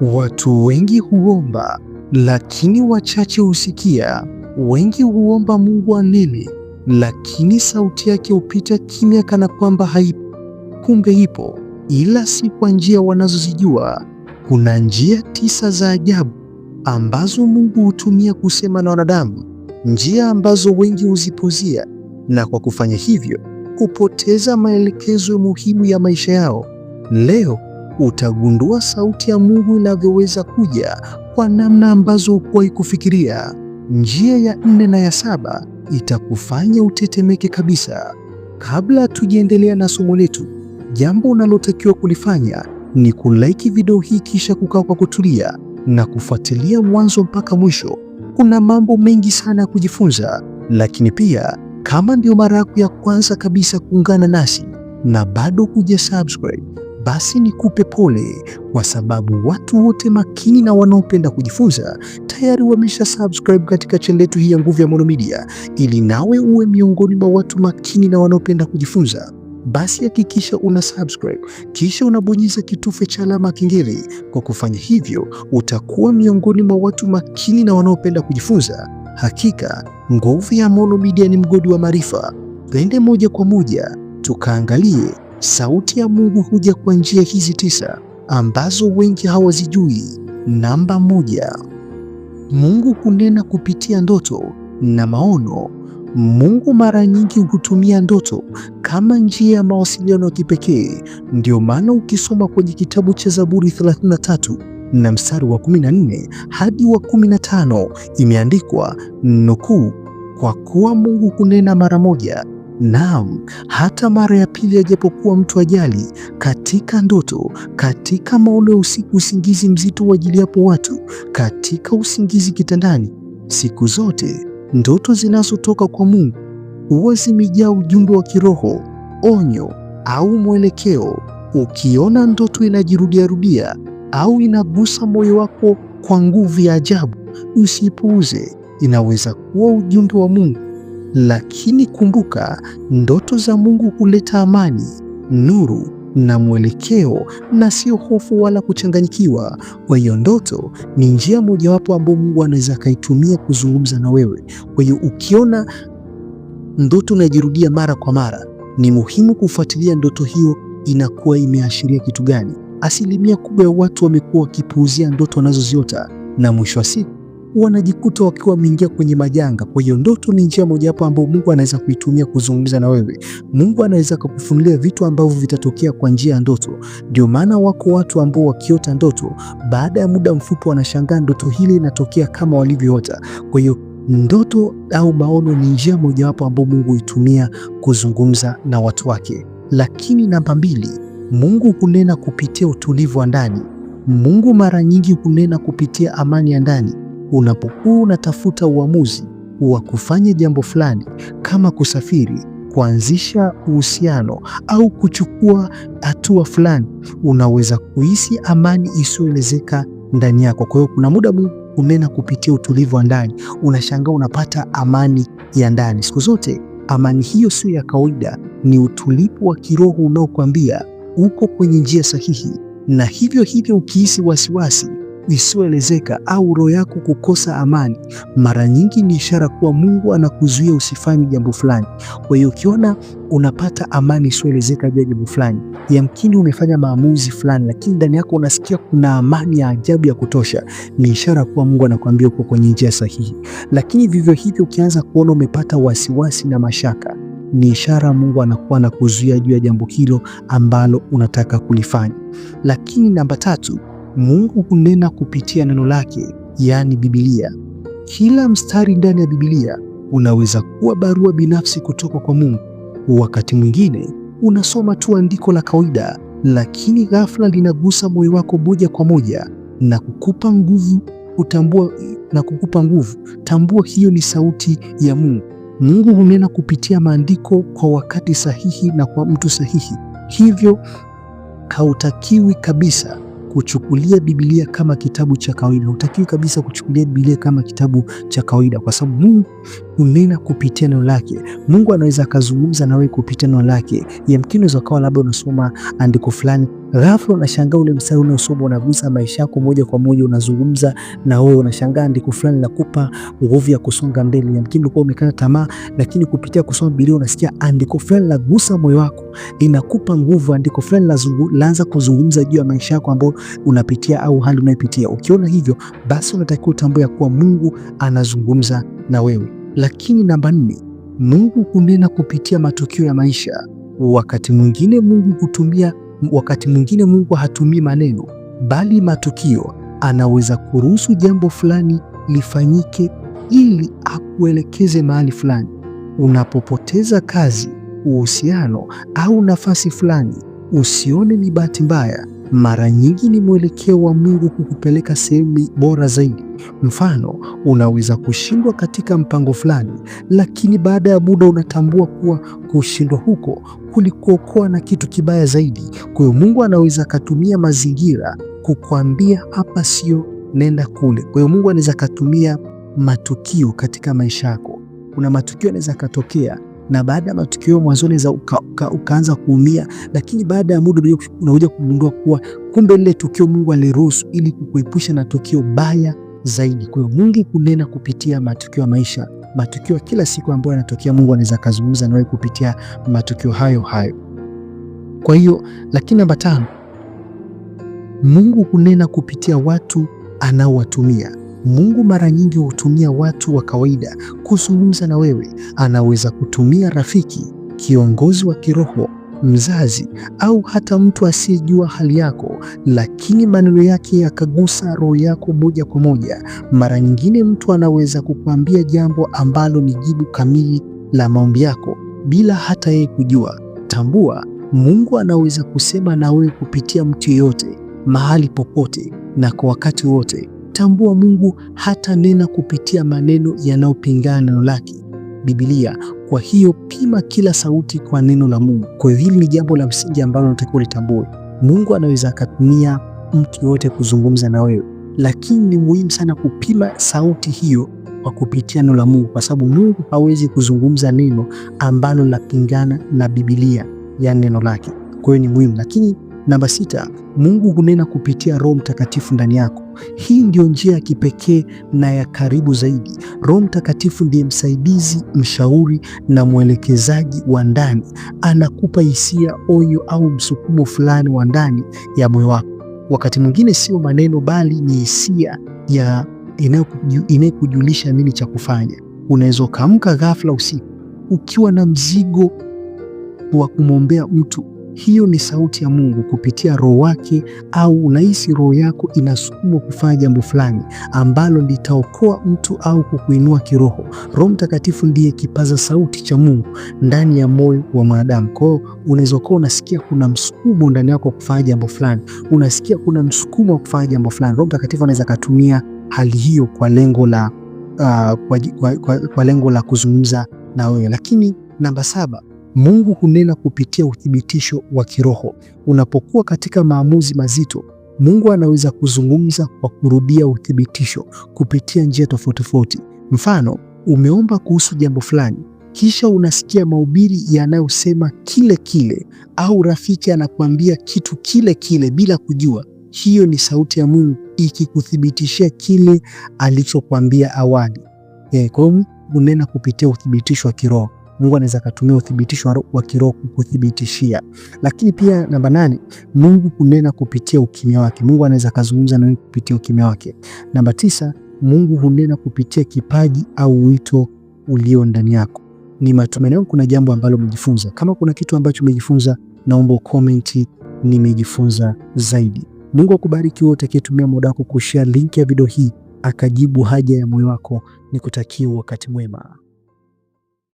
Watu wengi huomba, lakini wachache husikia. Wengi huomba Mungu anene, lakini sauti yake hupita kimya, kana kwamba haipo. Kumbe ipo, ila si kwa njia wanazozijua. Kuna njia tisa za ajabu ambazo Mungu hutumia kusema na wanadamu, njia ambazo wengi huzipuzia, na kwa kufanya hivyo hupoteza maelekezo muhimu ya maisha yao. Leo utagundua sauti ya Mungu inavyoweza kuja kwa namna ambazo hukuwahi kufikiria. Njia ya nne na ya saba itakufanya utetemeke kabisa. Kabla tujiendelea na somo letu, jambo unalotakiwa kulifanya ni kulaiki video hii kisha kukaa kwa kutulia na kufuatilia mwanzo mpaka mwisho. Kuna mambo mengi sana ya kujifunza, lakini pia kama ndio mara yako ya kwanza kabisa kuungana nasi na bado kuja subscribe basi nikupe pole, kwa sababu watu wote makini na wanaopenda kujifunza tayari wamesha subscribe katika channel yetu hii ya Nguvu ya Maono Media. Ili nawe uwe miongoni mwa watu makini na wanaopenda kujifunza, basi hakikisha una subscribe kisha unabonyeza kitufe cha alama kengele. Kwa kufanya hivyo, utakuwa miongoni mwa watu makini na wanaopenda kujifunza. Hakika Nguvu ya Maono Media ni mgodi wa maarifa. Twende moja kwa moja tukaangalie Sauti ya Mungu huja kwa njia hizi tisa ambazo wengi hawazijui. Namba moja, Mungu hunena kupitia ndoto na maono. Mungu mara nyingi hutumia ndoto kama njia ya mawasiliano ya kipekee. Ndio maana ukisoma kwenye kitabu cha Zaburi 33 na mstari wa 14 hadi wa 15 imeandikwa nukuu, kwa kuwa Mungu hunena mara moja Naam, hata mara ya pili ajapokuwa mtu ajali, katika ndoto, katika maono ya usiku, usingizi mzito yapo watu, katika usingizi kitandani, siku zote ndoto zinazotoka kwa Mungu huwa zimejaa ujumbe wa kiroho, onyo au mwelekeo. Ukiona ndoto inajirudiarudia au inagusa moyo wako kwa nguvu ya ajabu, usipuuze. Inaweza kuwa ujumbe wa Mungu lakini kumbuka, ndoto za Mungu huleta amani, nuru na mwelekeo na sio hofu wala kuchanganyikiwa. Kwa hiyo ndoto ni njia mojawapo ambayo Mungu anaweza akaitumia kuzungumza na wewe. Kwa hiyo ukiona ndoto unajirudia mara kwa mara, ni muhimu kufuatilia ndoto hiyo inakuwa imeashiria kitu gani. Asilimia kubwa ya watu wamekuwa wakipuuzia ndoto wanazoziota na mwisho wa siku wanajikuta wakiwa wameingia kwenye majanga. Kwa hiyo ndoto ni njia mojawapo ambayo Mungu anaweza kuitumia kuzungumza na wewe. Mungu anaweza kukufunulia vitu ambavyo vitatokea kwa njia ya ndoto. Ndio maana wako watu ambao wakiota ndoto, baada ya muda mfupi wanashangaa ndoto hili inatokea kama walivyoota. Kwa hiyo ndoto au maono ni njia mojawapo ambayo Mungu huitumia kuzungumza na watu wake. Lakini namba mbili, Mungu hunena kupitia utulivu wa ndani. Mungu mara nyingi hunena kupitia amani ya ndani unapokuwa unatafuta uamuzi wa kufanya jambo fulani kama kusafiri, kuanzisha uhusiano au kuchukua hatua fulani, unaweza kuhisi amani isiyoelezeka ndani yako. Kwa hiyo kuna muda unena kupitia utulivu wa ndani, unashangaa unapata amani ya ndani. Siku zote amani hiyo sio ya kawaida, ni utulivu wa kiroho unaokwambia uko kwenye njia sahihi. Na hivyo hivyo, ukihisi wasiwasi isiyoelezeka au roho yako kukosa amani, mara nyingi ni ishara kuwa Mungu anakuzuia usifanye jambo fulani. Kwa hiyo ukiona unapata amani isiyoelezeka juu ya jambo fulani, yamkini umefanya maamuzi fulani, lakini ndani yako unasikia kuna amani ya ajabu ya kutosha, ni ishara kuwa Mungu anakuambia uko kwenye njia sahihi. Lakini vivyo hivyo, ukianza kuona umepata wasiwasi na mashaka ni ishara Mungu anakuwa anakuzuia juu ya jambo hilo ambalo unataka kulifanya. Lakini namba tatu, Mungu hunena kupitia neno lake, yaani Biblia. Kila mstari ndani ya Biblia unaweza kuwa barua binafsi kutoka kwa Mungu. Wakati mwingine unasoma tu andiko la kawaida, lakini ghafla linagusa moyo wako moja kwa moja na kukupa nguvu kutambua na kukupa nguvu. Tambua hiyo ni sauti ya Mungu. Mungu hunena kupitia maandiko kwa wakati sahihi na kwa mtu sahihi, hivyo hautakiwi kabisa kuchukulia Biblia kama kitabu cha kawaida. Hutakiwi kabisa kuchukulia Biblia kama kitabu cha kawaida, kwa sababu Mungu unena kupitia neno lake. Mungu anaweza akazungumza na nawe kupitia neno lake. Yamkini unaweza ukawa labda unasoma andiko fulani, ghafla unashangaa ule mstari unaosoma unagusa maisha yako moja kwa moja, unazungumza na wewe, unashangaa andiko fulani nakupa nguvu ya kusonga mbele. Yamkini ulikuwa umekata tamaa, lakini kupitia kusoma Biblia unasikia andiko fulani lagusa moyo wako, inakupa nguvu. Andiko fulani laanza kuzungumza juu ya maisha yako ambayo unapitia au hali unayopitia. Ukiona hivyo, basi unatakiwa utambue ya kuwa Mungu anazungumza na wewe. Lakini namba nne, Mungu hunena kupitia matukio ya maisha. Wakati mwingine Mungu hutumia, wakati mwingine Mungu hatumii maneno bali matukio. Anaweza kuruhusu jambo fulani lifanyike ili akuelekeze mahali fulani. Unapopoteza kazi, uhusiano au nafasi fulani, usione ni bahati mbaya, mara nyingi ni mwelekeo wa Mungu kukupeleka sehemu bora zaidi. Mfano, unaweza kushindwa katika mpango fulani, lakini baada ya muda unatambua kuwa kushindwa huko kulikuokoa na kitu kibaya zaidi. Kwa hiyo Mungu anaweza akatumia mazingira kukuambia hapa sio, nenda kule. Kwa hiyo Mungu anaweza akatumia matukio katika maisha yako. Kuna matukio anaweza akatokea na baada ya matukio mwanzoni za uka, uka, ukaanza kuumia, lakini baada ya muda unakuja kugundua kuwa kumbe lile tukio Mungu aliruhusu ili kukuepusha na tukio baya zaidi. Kwa hiyo Mungu kunena kupitia matukio ya maisha, matukio ya kila siku ambayo yanatokea, Mungu anaweza kazungumza nawe kupitia matukio hayo hayo. Kwa hiyo, lakini namba tano, Mungu kunena kupitia watu anaowatumia. Mungu mara nyingi hutumia watu wa kawaida kuzungumza na wewe. Anaweza kutumia rafiki, kiongozi wa kiroho, mzazi au hata mtu asiyejua hali yako, lakini maneno yake yakagusa roho yako moja kwa moja. Mara nyingine mtu anaweza kukuambia jambo ambalo ni jibu kamili la maombi yako bila hata yeye kujua. Tambua, Mungu anaweza kusema na wewe kupitia mtu yeyote, mahali popote na kwa wakati wote. Tambua Mungu hata nena kupitia maneno yanayopingana neno lake, Biblia. Kwa hiyo pima kila sauti kwa neno la Mungu. Kwa hiyo hili ni jambo la msingi ambalo unatakiwa ulitambue. Mungu anaweza akatumia mtu yoyote kuzungumza na wewe, lakini ni muhimu sana kupima sauti hiyo kwa kupitia neno la Mungu, kwa sababu Mungu hawezi kuzungumza neno ambalo lapingana na Biblia, yani neno lake. Kwa hiyo ni muhimu lakini Namba sita, Mungu hunena kupitia Roho Mtakatifu ndani yako. Hii ndiyo njia ya kipekee na ya karibu zaidi. Roho Mtakatifu ndiye msaidizi, mshauri na mwelekezaji wa ndani. Anakupa hisia, onyo au msukumo fulani wa ndani ya moyo wako. Wakati mwingine sio maneno, bali ni hisia ya inayokujulisha nini cha kufanya. Unaweza ukaamka ghafla usiku ukiwa na mzigo wa kumwombea mtu hiyo ni sauti ya Mungu kupitia roho wake, au unahisi roho yako inasukumwa kufanya jambo fulani ambalo litaokoa mtu au kukuinua kiroho. Roho Mtakatifu ndiye kipaza sauti cha Mungu ndani ya moyo wa mwanadamu. Kwa hiyo unaweza kuwa unasikia kuna msukumo ndani yako kufanya jambo fulani, unasikia kuna msukumo wa kufanya jambo fulani. Roho Mtakatifu anaweza akatumia hali hiyo kwa lengo la, uh, kwa, kwa, kwa, kwa lengo la kuzungumza na wewe. Lakini namba saba Mungu hunena kupitia uthibitisho wa kiroho. Unapokuwa katika maamuzi mazito, Mungu anaweza kuzungumza kwa kurudia uthibitisho kupitia njia tofauti tofauti. Mfano, umeomba kuhusu jambo fulani kisha unasikia mahubiri yanayosema kile kile, au rafiki anakuambia kitu kile kile bila kujua. Hiyo ni sauti ya Mungu ikikuthibitishia kile alichokuambia awali. Eh, kwa hiyo hunena kupitia uthibitisho wa kiroho. Mungu anaweza akatumia uthibitisho wa kiroho kukuthibitishia. Lakini pia namba nane, Mungu kunena kupitia ukimya wake. Mungu anaweza akazungumza na kupitia ukimya wake. Namba tisa, Mungu hunena kupitia kipaji au wito ulio ndani yako. Ni matumaini yangu kuna jambo ambalo umejifunza. Kama kuna kitu ambacho umejifunza, naomba komenti nimejifunza zaidi. Mungu akubariki wewe utakayetumia muda wako kushare link ya video hii akajibu haja ya moyo wako. Nikutakie wakati mwema.